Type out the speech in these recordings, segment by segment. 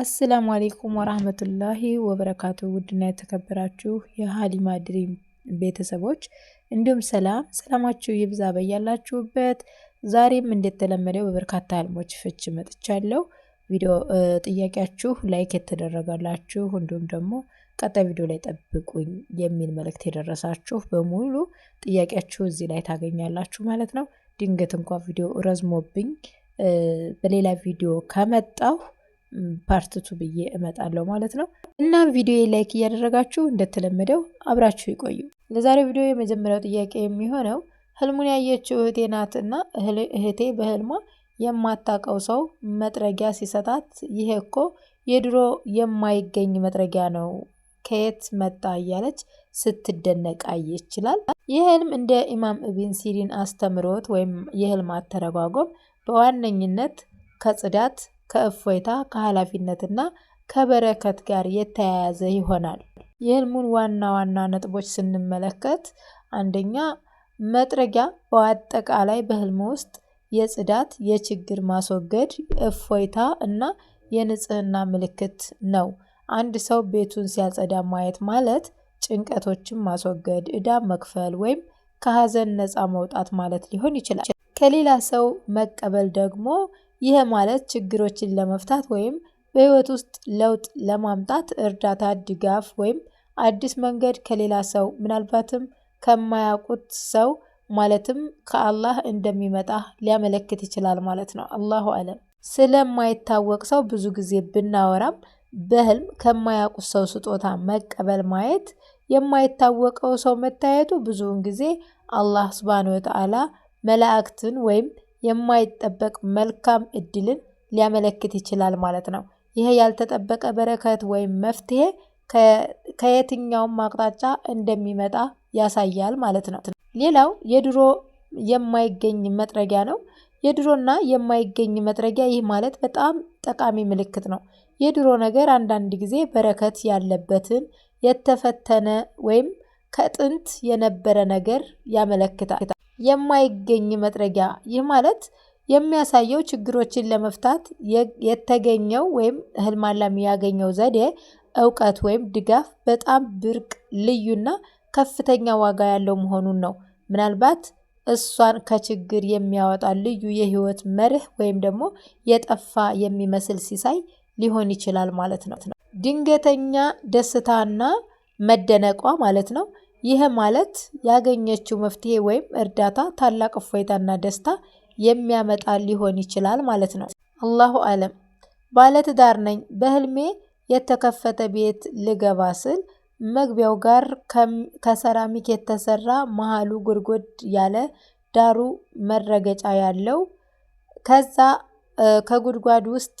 አሰላሙ አሌይኩም ወራህመቱላሂ ወበረካቱ። ውድና የተከበራችሁ የሀሊማ ድሪም ቤተሰቦች እንዲሁም ሰላም ሰላማችሁ ይብዛ በያላችሁበት። ዛሬም እንደተለመደው በበርካታ ህልሞች ፍች መጥቻለሁ። ቪዲዮ ጥያቄያችሁ ላይክ የተደረገላችሁ እንዲሁም ደግሞ ቀጣይ ቪዲዮ ላይ ጠብቁኝ የሚል መልእክት የደረሳችሁ በሙሉ ጥያቄያችሁ እዚህ ላይ ታገኛላችሁ ማለት ነው። ድንገት እንኳ ቪዲዮ ረዝሞብኝ በሌላ ቪዲዮ ከመጣሁ ፓርትቱ ብዬ እመጣለሁ ማለት ነው። እናም ቪዲዮ ላይክ እያደረጋችሁ እንደተለመደው አብራችሁ ይቆዩ። ለዛሬው ቪዲዮ የመጀመሪያው ጥያቄ የሚሆነው ህልሙን ያየችው እህቴ ናት እና እህቴ በህልሟ የማታውቀው ሰው መጥረጊያ ሲሰጣት ይሄ እኮ የድሮ የማይገኝ መጥረጊያ ነው ከየት መጣ እያለች ስትደነቅ ይችላል። ይህ ህልም እንደ ኢማም እቢን ሲሪን አስተምሮት ወይም የህልም አተረጓጎም በዋነኝነት ከጽዳት ከእፎይታ ከኃላፊነትና ከበረከት ጋር የተያያዘ ይሆናል። የህልሙን ዋና ዋና ነጥቦች ስንመለከት አንደኛ መጥረጊያ በአጠቃላይ በህልም ውስጥ የጽዳት፣ የችግር ማስወገድ፣ እፎይታ እና የንጽህና ምልክት ነው። አንድ ሰው ቤቱን ሲያጸዳ ማየት ማለት ጭንቀቶችን ማስወገድ፣ ዕዳ መክፈል ወይም ከሀዘን ነፃ መውጣት ማለት ሊሆን ይችላል። ከሌላ ሰው መቀበል ደግሞ ይህ ማለት ችግሮችን ለመፍታት ወይም በህይወት ውስጥ ለውጥ ለማምጣት እርዳታ፣ ድጋፍ ወይም አዲስ መንገድ ከሌላ ሰው ምናልባትም ከማያውቁት ሰው ማለትም ከአላህ እንደሚመጣ ሊያመለክት ይችላል ማለት ነው። አላሁ አለም። ስለማይታወቅ ሰው ብዙ ጊዜ ብናወራም በህልም ከማያውቁት ሰው ስጦታ መቀበል ማየት የማይታወቀው ሰው መታየቱ ብዙውን ጊዜ አላህ ስብሃነ ወተዓላ መላእክትን ወይም የማይጠበቅ መልካም እድልን ሊያመለክት ይችላል ማለት ነው። ይሄ ያልተጠበቀ በረከት ወይም መፍትሄ ከየትኛውም አቅጣጫ እንደሚመጣ ያሳያል ማለት ነው። ሌላው የድሮ የማይገኝ መጥረጊያ ነው። የድሮና የማይገኝ መጥረጊያ ይህ ማለት በጣም ጠቃሚ ምልክት ነው። የድሮ ነገር አንዳንድ ጊዜ በረከት ያለበትን የተፈተነ ወይም ከጥንት የነበረ ነገር ያመለክታል። የማይገኝ መጥረጊያ ይህ ማለት የሚያሳየው ችግሮችን ለመፍታት የተገኘው ወይም ህልም አላሚ ያገኘው ዘዴ እውቀት ወይም ድጋፍ በጣም ብርቅ ልዩና ከፍተኛ ዋጋ ያለው መሆኑን ነው። ምናልባት እሷን ከችግር የሚያወጣ ልዩ የህይወት መርህ ወይም ደግሞ የጠፋ የሚመስል ሲሳይ ሊሆን ይችላል ማለት ነው። ድንገተኛ ደስታና መደነቋ ማለት ነው ይህ ማለት ያገኘችው መፍትሄ ወይም እርዳታ ታላቅ እፎይታና ደስታ የሚያመጣ ሊሆን ይችላል ማለት ነው። አላሁ አለም። ባለትዳር ነኝ። በህልሜ የተከፈተ ቤት ልገባ ስል መግቢያው ጋር ከሰራሚክ የተሰራ መሀሉ ጉድጉድ ያለ ዳሩ መረገጫ ያለው ከዛ ከጉድጓድ ውስጥ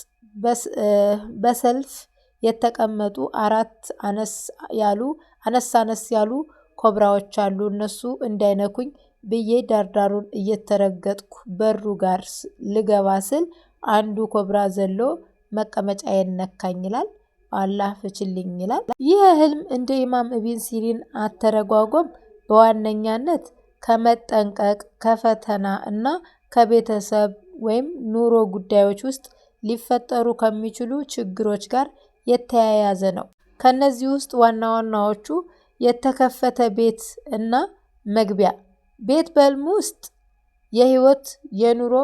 በሰልፍ የተቀመጡ አራት አነስ ያሉ አነስ አነስ ያሉ ኮብራዎች አሉ እነሱ እንዳይነኩኝ ብዬ ዳርዳሩን እየተረገጥኩ በሩ ጋር ልገባ ስል አንዱ ኮብራ ዘሎ መቀመጫ የነካኝ ይላል። አላህ ፍችልኝ ይላል። ይህ ህልም እንደ ኢማም እቢን ሲሪን አተረጓጎም በዋነኛነት ከመጠንቀቅ ከፈተና እና ከቤተሰብ ወይም ኑሮ ጉዳዮች ውስጥ ሊፈጠሩ ከሚችሉ ችግሮች ጋር የተያያዘ ነው። ከነዚህ ውስጥ ዋና ዋናዎቹ የተከፈተ ቤት እና መግቢያ። ቤት በህልም ውስጥ የህይወት፣ የኑሮ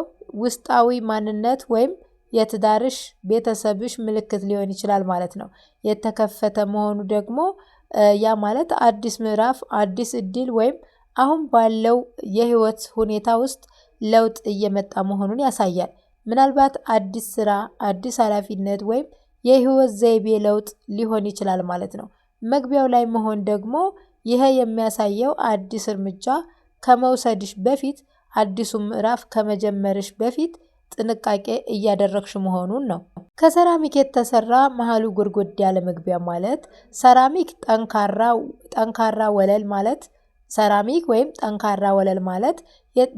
ውስጣዊ ማንነት ወይም የትዳርሽ፣ ቤተሰብሽ ምልክት ሊሆን ይችላል ማለት ነው። የተከፈተ መሆኑ ደግሞ ያ ማለት አዲስ ምዕራፍ፣ አዲስ እድል ወይም አሁን ባለው የህይወት ሁኔታ ውስጥ ለውጥ እየመጣ መሆኑን ያሳያል። ምናልባት አዲስ ስራ፣ አዲስ ኃላፊነት ወይም የህይወት ዘይቤ ለውጥ ሊሆን ይችላል ማለት ነው። መግቢያው ላይ መሆን ደግሞ ይሄ የሚያሳየው አዲስ እርምጃ ከመውሰድሽ በፊት አዲሱ ምዕራፍ ከመጀመርሽ በፊት ጥንቃቄ እያደረግሽ መሆኑን ነው። ከሰራሚክ የተሰራ መሀሉ ጎድጎድ ያለ መግቢያ ማለት ሰራሚክ ጠንካራ ወለል ማለት ሰራሚክ ወይም ጠንካራ ወለል ማለት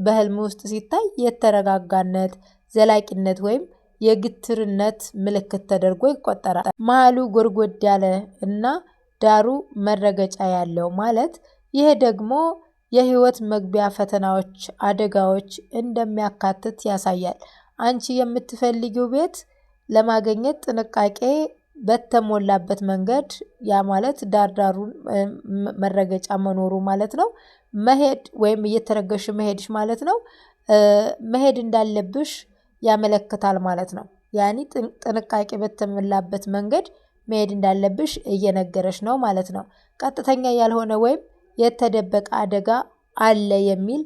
በህልም ውስጥ ሲታይ የተረጋጋነት፣ ዘላቂነት ወይም የግትርነት ምልክት ተደርጎ ይቆጠራል። መሀሉ ጎድጎድ ያለ እና ዳሩ መረገጫ ያለው ማለት ይህ ደግሞ የህይወት መግቢያ ፈተናዎች አደጋዎች እንደሚያካትት ያሳያል። አንቺ የምትፈልጊው ቤት ለማግኘት ጥንቃቄ በተሞላበት መንገድ ያ ማለት ዳርዳሩን መረገጫ መኖሩ ማለት ነው። መሄድ ወይም እየተረገሽ መሄድሽ ማለት ነው። መሄድ እንዳለብሽ ያመለክታል ማለት ነው። ያኒ ጥንቃቄ በተሞላበት መንገድ መሄድ እንዳለብሽ እየነገረሽ ነው ማለት ነው። ቀጥተኛ ያልሆነ ወይም የተደበቀ አደጋ አለ የሚል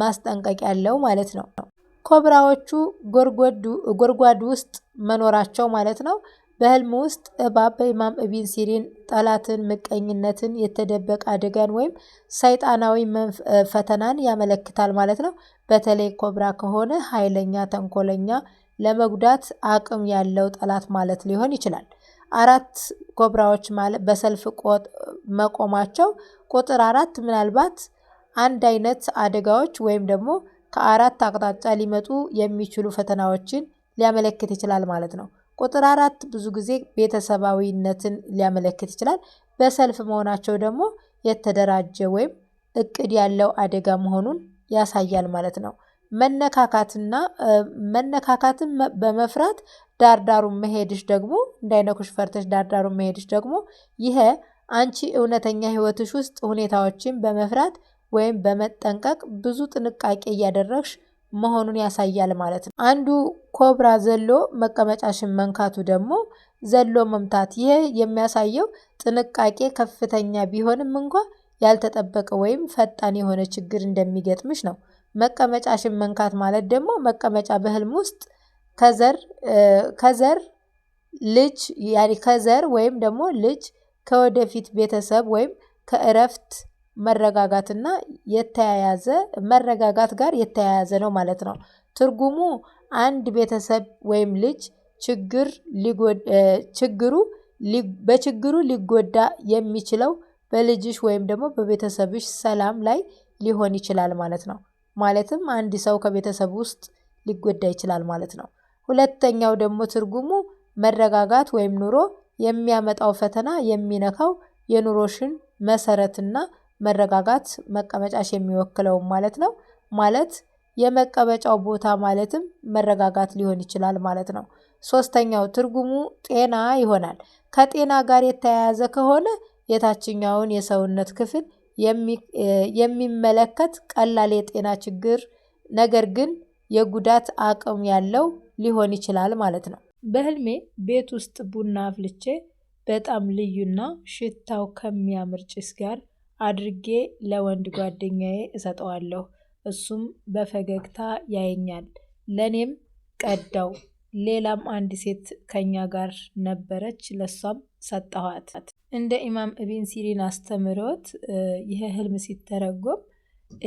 ማስጠንቀቂያ አለው ማለት ነው። ኮብራዎቹ ጎድጓድ ውስጥ መኖራቸው ማለት ነው። በህልም ውስጥ እባብ በኢማም እቢን ሲሪን ጠላትን፣ ምቀኝነትን፣ የተደበቀ አደጋን ወይም ሰይጣናዊ ፈተናን ያመለክታል ማለት ነው። በተለይ ኮብራ ከሆነ ኃይለኛ፣ ተንኮለኛ፣ ለመጉዳት አቅም ያለው ጠላት ማለት ሊሆን ይችላል። አራት ኮብራዎች ማለት በሰልፍ መቆማቸው ቁጥር አራት ምናልባት አንድ አይነት አደጋዎች ወይም ደግሞ ከአራት አቅጣጫ ሊመጡ የሚችሉ ፈተናዎችን ሊያመለክት ይችላል ማለት ነው። ቁጥር አራት ብዙ ጊዜ ቤተሰባዊነትን ሊያመለክት ይችላል። በሰልፍ መሆናቸው ደግሞ የተደራጀ ወይም እቅድ ያለው አደጋ መሆኑን ያሳያል ማለት ነው። መነካካትና መነካካትን በመፍራት ዳርዳሩን መሄድሽ ደግሞ እንዳይነኩሽ ፈርተሽ ዳርዳሩን መሄድሽ ደግሞ ይሄ አንቺ እውነተኛ ህይወትሽ ውስጥ ሁኔታዎችን በመፍራት ወይም በመጠንቀቅ ብዙ ጥንቃቄ እያደረግሽ መሆኑን ያሳያል ማለት ነው። አንዱ ኮብራ ዘሎ መቀመጫሽን መንካቱ ደግሞ ዘሎ መምታት፣ ይሄ የሚያሳየው ጥንቃቄ ከፍተኛ ቢሆንም እንኳ ያልተጠበቀ ወይም ፈጣን የሆነ ችግር እንደሚገጥምሽ ነው። መቀመጫሽን መንካት ማለት ደግሞ መቀመጫ በህልም ውስጥ ከዘር ከዘር ልጅ ያኔ ከዘር ወይም ደግሞ ልጅ ከወደፊት ቤተሰብ ወይም ከእረፍት መረጋጋትና የተያያዘ መረጋጋት ጋር የተያያዘ ነው ማለት ነው። ትርጉሙ አንድ ቤተሰብ ወይም ልጅ ችግር ችግሩ በችግሩ ሊጎዳ የሚችለው በልጅሽ ወይም ደግሞ በቤተሰብሽ ሰላም ላይ ሊሆን ይችላል ማለት ነው ማለትም አንድ ሰው ከቤተሰብ ውስጥ ሊጎዳ ይችላል ማለት ነው። ሁለተኛው ደግሞ ትርጉሙ መረጋጋት ወይም ኑሮ የሚያመጣው ፈተና የሚነካው የኑሮሽን መሰረትና መረጋጋት መቀመጫሽ የሚወክለውም ማለት ነው። ማለት የመቀመጫው ቦታ ማለትም መረጋጋት ሊሆን ይችላል ማለት ነው። ሶስተኛው ትርጉሙ ጤና ይሆናል። ከጤና ጋር የተያያዘ ከሆነ የታችኛውን የሰውነት ክፍል የሚመለከት ቀላል የጤና ችግር ነገር ግን የጉዳት አቅም ያለው ሊሆን ይችላል ማለት ነው። በህልሜ ቤት ውስጥ ቡና አፍልቼ በጣም ልዩና ሽታው ከሚያምር ጭስ ጋር አድርጌ ለወንድ ጓደኛዬ እሰጠዋለሁ። እሱም በፈገግታ ያየኛል ለኔም ቀዳው። ሌላም አንድ ሴት ከኛ ጋር ነበረች ለሷም ሰጠኋት እንደ ኢማም እቢን ሲሪን አስተምሮት ይህ ህልም ሲተረጎም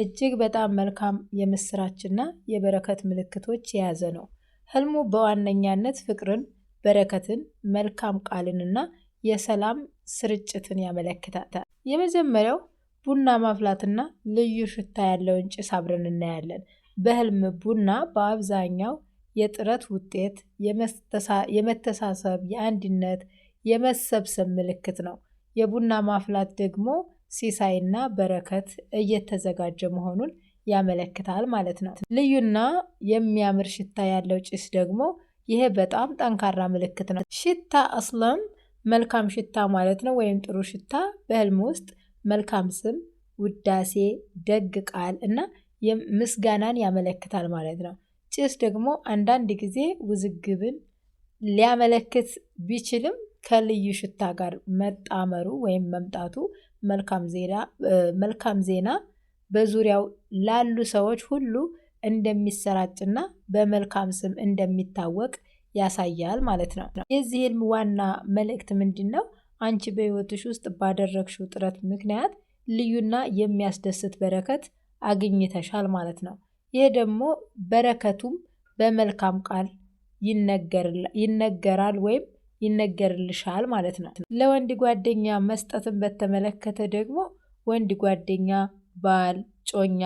እጅግ በጣም መልካም የምስራችና የበረከት ምልክቶች የያዘ ነው። ህልሙ በዋነኛነት ፍቅርን፣ በረከትን፣ መልካም ቃልንና የሰላም ስርጭትን ያመለክታታል። የመጀመሪያው ቡና ማፍላትና ልዩ ሽታ ያለውን ጭስ አብረን እናያለን። በህልም ቡና በአብዛኛው የጥረት ውጤት፣ የመተሳሰብ፣ የአንድነት የመሰብሰብ ምልክት ነው። የቡና ማፍላት ደግሞ ሲሳይና በረከት እየተዘጋጀ መሆኑን ያመለክታል ማለት ነው። ልዩና የሚያምር ሽታ ያለው ጭስ ደግሞ ይሄ በጣም ጠንካራ ምልክት ነው። ሽታ አስለም መልካም ሽታ ማለት ነው፣ ወይም ጥሩ ሽታ በህልም ውስጥ መልካም ስም፣ ውዳሴ፣ ደግ ቃል እና ምስጋናን ያመለክታል ማለት ነው። ጭስ ደግሞ አንዳንድ ጊዜ ውዝግብን ሊያመለክት ቢችልም ከልዩ ሽታ ጋር መጣመሩ ወይም መምጣቱ መልካም ዜና በዙሪያው ላሉ ሰዎች ሁሉ እንደሚሰራጭና በመልካም ስም እንደሚታወቅ ያሳያል ማለት ነው። የዚህ ህልም ዋና መልእክት ምንድን ነው? አንቺ በህይወትሽ ውስጥ ባደረግሽው ጥረት ምክንያት ልዩና የሚያስደስት በረከት አግኝተሻል ማለት ነው። ይህ ደግሞ በረከቱም በመልካም ቃል ይነገራል ወይም ይነገርልሻል ማለት ነው። ለወንድ ጓደኛ መስጠትን በተመለከተ ደግሞ ወንድ ጓደኛ፣ ባል፣ ጮኛ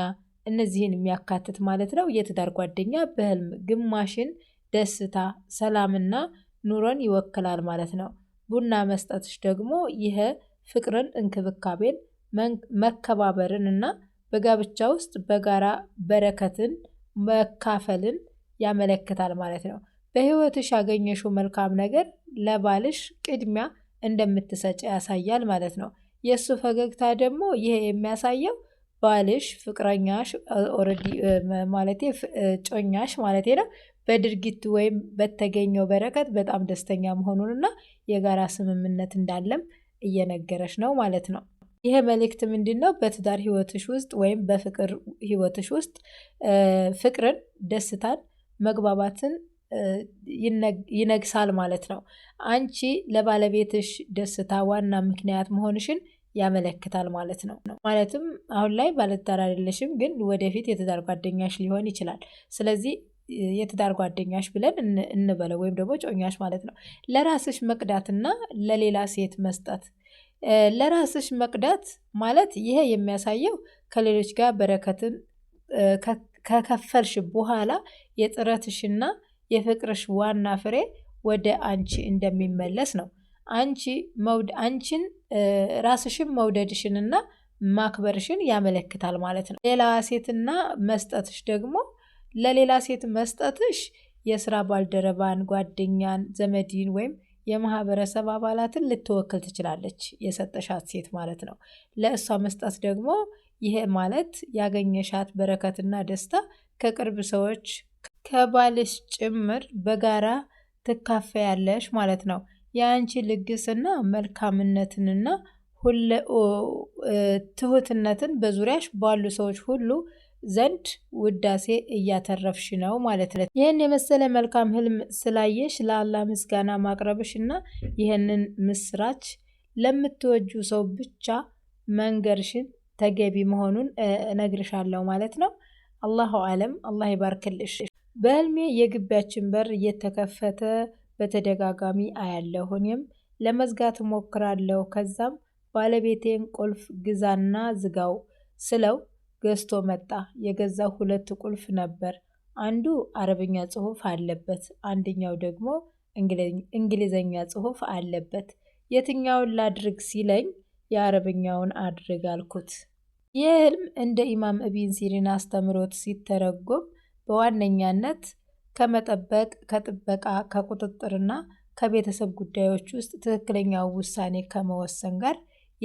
እነዚህን የሚያካትት ማለት ነው። የትዳር ጓደኛ በህልም ግማሽን ደስታ፣ ሰላምና ኑሮን ይወክላል ማለት ነው። ቡና መስጠትሽ ደግሞ ይህ ፍቅርን፣ እንክብካቤን፣ መከባበርን እና በጋብቻ ውስጥ በጋራ በረከትን መካፈልን ያመለክታል ማለት ነው። በህይወትሽ ያገኘሽው መልካም ነገር ለባልሽ ቅድሚያ እንደምትሰጭ ያሳያል ማለት ነው። የእሱ ፈገግታ ደግሞ ይሄ የሚያሳየው ባልሽ ፍቅረኛሽ ኦልሬዲ ማለቴ ጮኛሽ ማለቴ ነው በድርጊት ወይም በተገኘው በረከት በጣም ደስተኛ መሆኑንና የጋራ ስምምነት እንዳለም እየነገረሽ ነው ማለት ነው። ይሄ መልእክት ምንድን ነው? በትዳር ህይወትሽ ውስጥ ወይም በፍቅር ህይወትሽ ውስጥ ፍቅርን፣ ደስታን፣ መግባባትን ይነግሳል ማለት ነው። አንቺ ለባለቤትሽ ደስታ ዋና ምክንያት መሆንሽን ያመለክታል ማለት ነው። ማለትም አሁን ላይ ባለትዳር አይደለሽም፣ ግን ወደፊት የትዳር ጓደኛሽ ሊሆን ይችላል። ስለዚህ የትዳር ጓደኛሽ ብለን እንበለው ወይም ደግሞ ጮኛሽ ማለት ነው። ለራስሽ መቅዳትና ለሌላ ሴት መስጠት። ለራስሽ መቅዳት ማለት ይሄ የሚያሳየው ከሌሎች ጋር በረከትን ከከፈልሽ በኋላ የጥረትሽና የፍቅርሽ ዋና ፍሬ ወደ አንቺ እንደሚመለስ ነው። አንቺ መውደ አንቺን ራስሽን መውደድሽንና ማክበርሽን ያመለክታል ማለት ነው። ሌላ ሴትና መስጠትሽ ደግሞ ለሌላ ሴት መስጠትሽ የስራ ባልደረባን፣ ጓደኛን፣ ዘመድን ወይም የማህበረሰብ አባላትን ልትወክል ትችላለች፣ የሰጠሻት ሴት ማለት ነው። ለእሷ መስጠት ደግሞ ይሄ ማለት ያገኘሻት በረከትና ደስታ ከቅርብ ሰዎች ከባልሽ ጭምር በጋራ ትካፈያለሽ ማለት ነው። የአንቺ ልግስና መልካምነትንና ትሁትነትን በዙሪያሽ ባሉ ሰዎች ሁሉ ዘንድ ውዳሴ እያተረፍሽ ነው ማለት ነው። ይህን የመሰለ መልካም ህልም ስላየሽ ለአላህ ምስጋና ማቅረብሽ እና ይህንን ምስራች ለምትወጁ ሰው ብቻ መንገርሽን ተገቢ መሆኑን እነግርሻለሁ ማለት ነው። አላሁ አለም። አላህ ይባርክልሽ። በህልሜ የግቢያችን በር እየተከፈተ በተደጋጋሚ አያለሁ። እኔም ለመዝጋት እሞክራለሁ። ከዛም ባለቤቴን ቁልፍ ግዛና ዝጋው ስለው ገዝቶ መጣ። የገዛው ሁለት ቁልፍ ነበር። አንዱ አረብኛ ጽሑፍ አለበት፣ አንደኛው ደግሞ እንግሊዘኛ ጽሑፍ አለበት። የትኛውን ላድርግ ሲለኝ የአረብኛውን አድርግ አልኩት። ይህ ህልም እንደ ኢማም እቢን ሲሪን አስተምሮት ሲተረጎም በዋነኛነት ከመጠበቅ፣ ከጥበቃ፣ ከቁጥጥርና ከቤተሰብ ጉዳዮች ውስጥ ትክክለኛው ውሳኔ ከመወሰን ጋር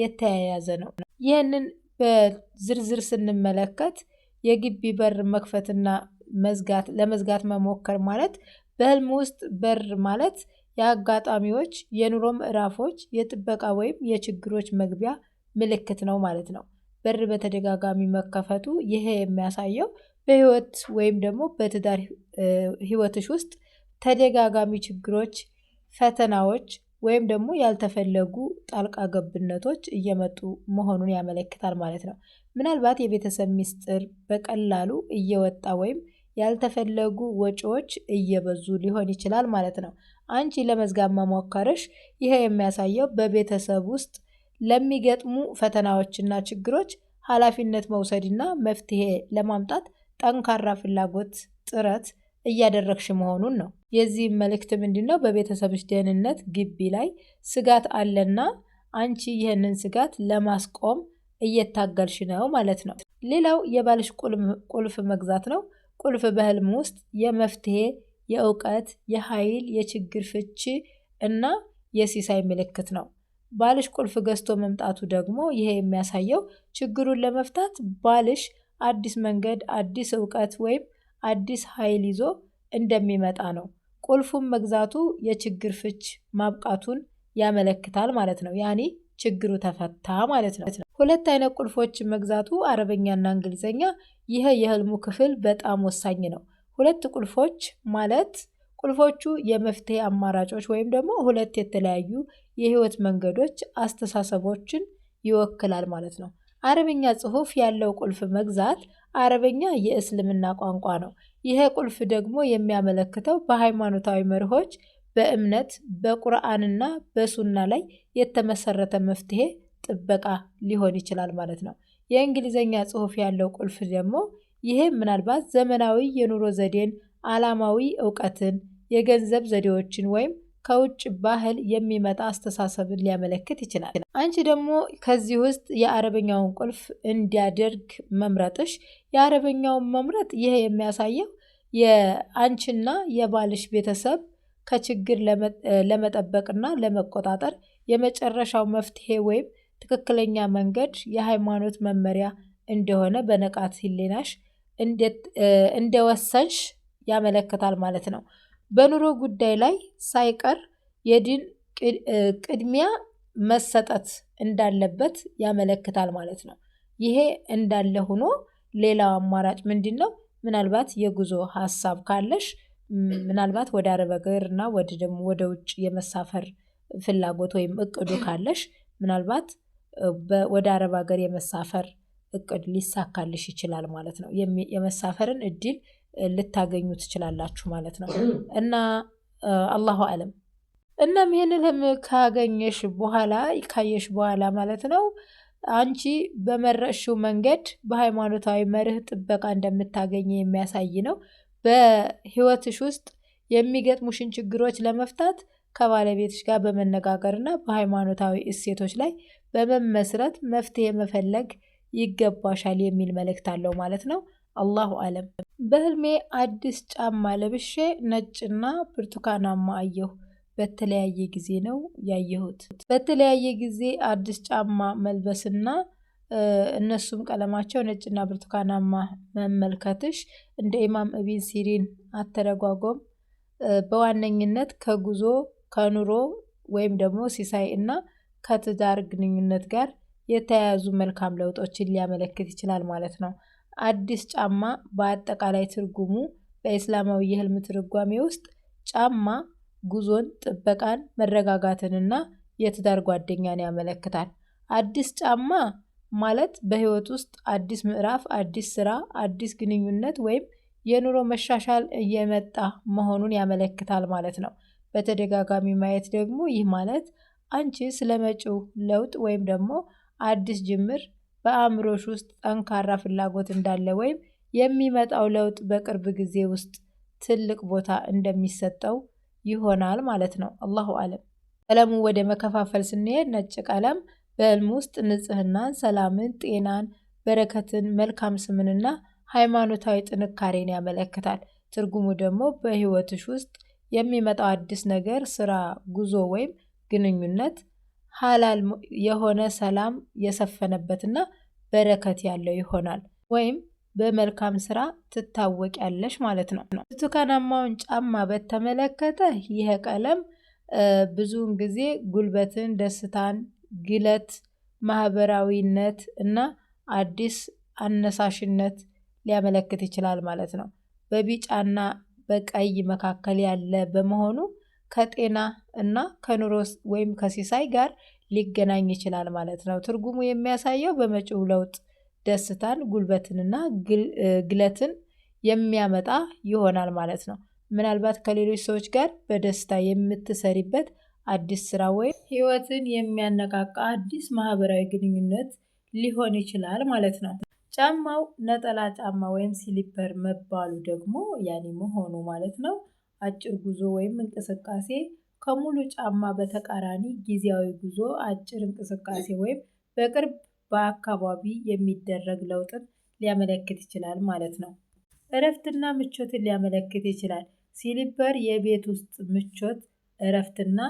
የተያያዘ ነው። ይህንን በዝርዝር ስንመለከት የግቢ በር መክፈትና መዝጋት ለመዝጋት መሞከር ማለት በህልም ውስጥ በር ማለት የአጋጣሚዎች፣ የኑሮ ምዕራፎች፣ የጥበቃ ወይም የችግሮች መግቢያ ምልክት ነው ማለት ነው። በር በተደጋጋሚ መከፈቱ ይሄ የሚያሳየው በህይወት ወይም ደግሞ በትዳር ህይወትሽ ውስጥ ተደጋጋሚ ችግሮች፣ ፈተናዎች ወይም ደግሞ ያልተፈለጉ ጣልቃ ገብነቶች እየመጡ መሆኑን ያመለክታል ማለት ነው። ምናልባት የቤተሰብ ሚስጥር በቀላሉ እየወጣ ወይም ያልተፈለጉ ወጪዎች እየበዙ ሊሆን ይችላል ማለት ነው። አንቺ ለመዝጋማ መሞከርሽ ይሄ የሚያሳየው በቤተሰብ ውስጥ ለሚገጥሙ ፈተናዎችና ችግሮች ኃላፊነት መውሰድና መፍትሄ ለማምጣት ጠንካራ ፍላጎት ጥረት እያደረግሽ መሆኑን ነው። የዚህም መልእክት ምንድን ነው? በቤተሰብሽ ደህንነት ግቢ ላይ ስጋት አለና አንቺ ይህንን ስጋት ለማስቆም እየታገልሽ ነው ማለት ነው። ሌላው የባልሽ ቁልፍ መግዛት ነው። ቁልፍ በህልም ውስጥ የመፍትሄ፣ የእውቀት፣ የኃይል፣ የችግር ፍቺ እና የሲሳይ ምልክት ነው። ባልሽ ቁልፍ ገዝቶ መምጣቱ ደግሞ ይሄ የሚያሳየው ችግሩን ለመፍታት ባልሽ አዲስ መንገድ፣ አዲስ እውቀት ወይም አዲስ ኃይል ይዞ እንደሚመጣ ነው። ቁልፉን መግዛቱ የችግር ፍች ማብቃቱን ያመለክታል ማለት ነው። ያኔ ችግሩ ተፈታ ማለት ነው። ሁለት አይነት ቁልፎችን መግዛቱ አረበኛና እንግሊዘኛ። ይህ የህልሙ ክፍል በጣም ወሳኝ ነው። ሁለት ቁልፎች ማለት ቁልፎቹ የመፍትሄ አማራጮች ወይም ደግሞ ሁለት የተለያዩ የህይወት መንገዶች አስተሳሰቦችን ይወክላል ማለት ነው። አረበኛ ጽሑፍ ያለው ቁልፍ መግዛት አረበኛ የእስልምና ቋንቋ ነው። ይሄ ቁልፍ ደግሞ የሚያመለክተው በሃይማኖታዊ መርሆች፣ በእምነት፣ በቁርአንና በሱና ላይ የተመሰረተ መፍትሄ ጥበቃ ሊሆን ይችላል ማለት ነው። የእንግሊዝኛ ጽሑፍ ያለው ቁልፍ ደግሞ ይሄ ምናልባት ዘመናዊ የኑሮ ዘዴን፣ አላማዊ እውቀትን፣ የገንዘብ ዘዴዎችን ወይም ከውጭ ባህል የሚመጣ አስተሳሰብን ሊያመለክት ይችላል። አንቺ ደግሞ ከዚህ ውስጥ የአረበኛውን ቁልፍ እንዲያደርግ መምረጥሽ፣ የአረበኛውን መምረጥ ይሄ የሚያሳየው የአንቺና የባልሽ ቤተሰብ ከችግር ለመጠበቅና ለመቆጣጠር የመጨረሻው መፍትሄ ወይም ትክክለኛ መንገድ የሃይማኖት መመሪያ እንደሆነ በንቃተ ሕሊናሽ እንደወሰንሽ ያመለክታል ማለት ነው። በኑሮ ጉዳይ ላይ ሳይቀር የድል ቅድሚያ መሰጠት እንዳለበት ያመለክታል ማለት ነው። ይሄ እንዳለ ሆኖ ሌላው አማራጭ ምንድን ነው? ምናልባት የጉዞ ሀሳብ ካለሽ ምናልባት ወደ አረብ ሀገር እና ወደ ደግሞ ወደ ውጭ የመሳፈር ፍላጎት ወይም እቅዱ ካለሽ ምናልባት ወደ አረብ ሀገር የመሳፈር እቅድ ሊሳካልሽ ይችላል ማለት ነው። የመሳፈርን እድል ልታገኙ ትችላላችሁ ማለት ነው እና አላሁ አለም። እናም ይህንን ህልም ካገኘሽ በኋላ ካየሽ በኋላ ማለት ነው አንቺ በመረሽው መንገድ በሃይማኖታዊ መርህ ጥበቃ እንደምታገኝ የሚያሳይ ነው። በህይወትሽ ውስጥ የሚገጥሙሽን ችግሮች ለመፍታት ከባለቤትሽ ጋር በመነጋገር በሃይማኖታዊ እሴቶች ላይ በመመስረት መፍትሄ መፈለግ ይገባሻል የሚል መልእክት አለው ማለት ነው። አላሁ አለም። በህልሜ አዲስ ጫማ ለብሼ ነጭና ብርቱካናማ አየሁ። በተለያየ ጊዜ ነው ያየሁት። በተለያየ ጊዜ አዲስ ጫማ መልበስና እነሱም ቀለማቸው ነጭና ብርቱካናማ መመልከትሽ እንደ ኢማም እቢን ሲሪን አተረጓጎም በዋነኝነት ከጉዞ ከኑሮ ወይም ደግሞ ሲሳይ እና ከትዳር ግንኙነት ጋር የተያያዙ መልካም ለውጦችን ሊያመለክት ይችላል ማለት ነው። አዲስ ጫማ በአጠቃላይ ትርጉሙ በኢስላማዊ የህልም ትርጓሜ ውስጥ ጫማ ጉዞን፣ ጥበቃን፣ መረጋጋትንና የትዳር ጓደኛን ያመለክታል። አዲስ ጫማ ማለት በህይወት ውስጥ አዲስ ምዕራፍ፣ አዲስ ስራ፣ አዲስ ግንኙነት ወይም የኑሮ መሻሻል እየመጣ መሆኑን ያመለክታል ማለት ነው። በተደጋጋሚ ማየት ደግሞ ይህ ማለት አንቺ ስለመጪው ለውጥ ወይም ደግሞ አዲስ ጅምር በአእምሮሽ ውስጥ ጠንካራ ፍላጎት እንዳለ ወይም የሚመጣው ለውጥ በቅርብ ጊዜ ውስጥ ትልቅ ቦታ እንደሚሰጠው ይሆናል ማለት ነው። አላሁ አለም። ቀለሙ ወደ መከፋፈል ስንሄድ ነጭ ቀለም በህልም ውስጥ ንጽህናን፣ ሰላምን፣ ጤናን፣ በረከትን፣ መልካም ስምንና ሃይማኖታዊ ጥንካሬን ያመለክታል። ትርጉሙ ደግሞ በህይወትሽ ውስጥ የሚመጣው አዲስ ነገር፣ ስራ፣ ጉዞ ወይም ግንኙነት ሀላል የሆነ ሰላም የሰፈነበትና በረከት ያለው ይሆናል። ወይም በመልካም ስራ ትታወቂያለሽ ማለት ነው። ብርቱካናማውን ጫማ በተመለከተ ይህ ቀለም ብዙውን ጊዜ ጉልበትን፣ ደስታን፣ ግለት፣ ማህበራዊነት እና አዲስ አነሳሽነት ሊያመለክት ይችላል ማለት ነው። በቢጫና በቀይ መካከል ያለ በመሆኑ ከጤና እና ከኑሮ ወይም ከሲሳይ ጋር ሊገናኝ ይችላል ማለት ነው። ትርጉሙ የሚያሳየው በመጪው ለውጥ ደስታን፣ ጉልበትንና ግለትን የሚያመጣ ይሆናል ማለት ነው። ምናልባት ከሌሎች ሰዎች ጋር በደስታ የምትሰሪበት አዲስ ስራ ወይም ህይወትን የሚያነቃቃ አዲስ ማህበራዊ ግንኙነት ሊሆን ይችላል ማለት ነው። ጫማው ነጠላ ጫማ ወይም ሲሊፐር መባሉ ደግሞ ያኔ መሆኑ ማለት ነው አጭር ጉዞ ወይም እንቅስቃሴ ከሙሉ ጫማ በተቃራኒ ጊዜያዊ ጉዞ አጭር እንቅስቃሴ ወይም በቅርብ በአካባቢ የሚደረግ ለውጥን ሊያመለክት ይችላል ማለት ነው። እረፍትና ምቾትን ሊያመለክት ይችላል። ሲሊፐር የቤት ውስጥ ምቾት፣ እረፍትና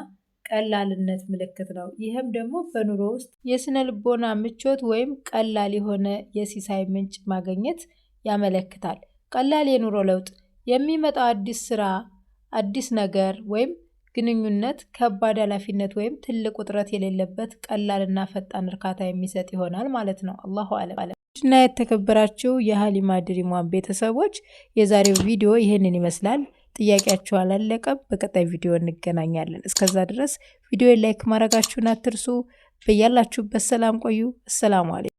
ቀላልነት ምልክት ነው። ይህም ደግሞ በኑሮ ውስጥ የስነ ልቦና ምቾት ወይም ቀላል የሆነ የሲሳይ ምንጭ ማግኘት ያመለክታል። ቀላል የኑሮ ለውጥ የሚመጣው አዲስ ስራ አዲስ ነገር ወይም ግንኙነት ከባድ ኃላፊነት ወይም ትልቅ ውጥረት የሌለበት ቀላልና ፈጣን እርካታ የሚሰጥ ይሆናል ማለት ነው። አላሁ አለም። ና የተከበራችሁ የሀሊማ ድሪሟን ቤተሰቦች የዛሬው ቪዲዮ ይህንን ይመስላል። ጥያቄያችሁ አላለቀም። በቀጣይ ቪዲዮ እንገናኛለን። እስከዛ ድረስ ቪዲዮ ላይክ ማድረጋችሁን አትርሱ። በያላችሁበት ሰላም ቆዩ። አሰላሙ አለይኩም።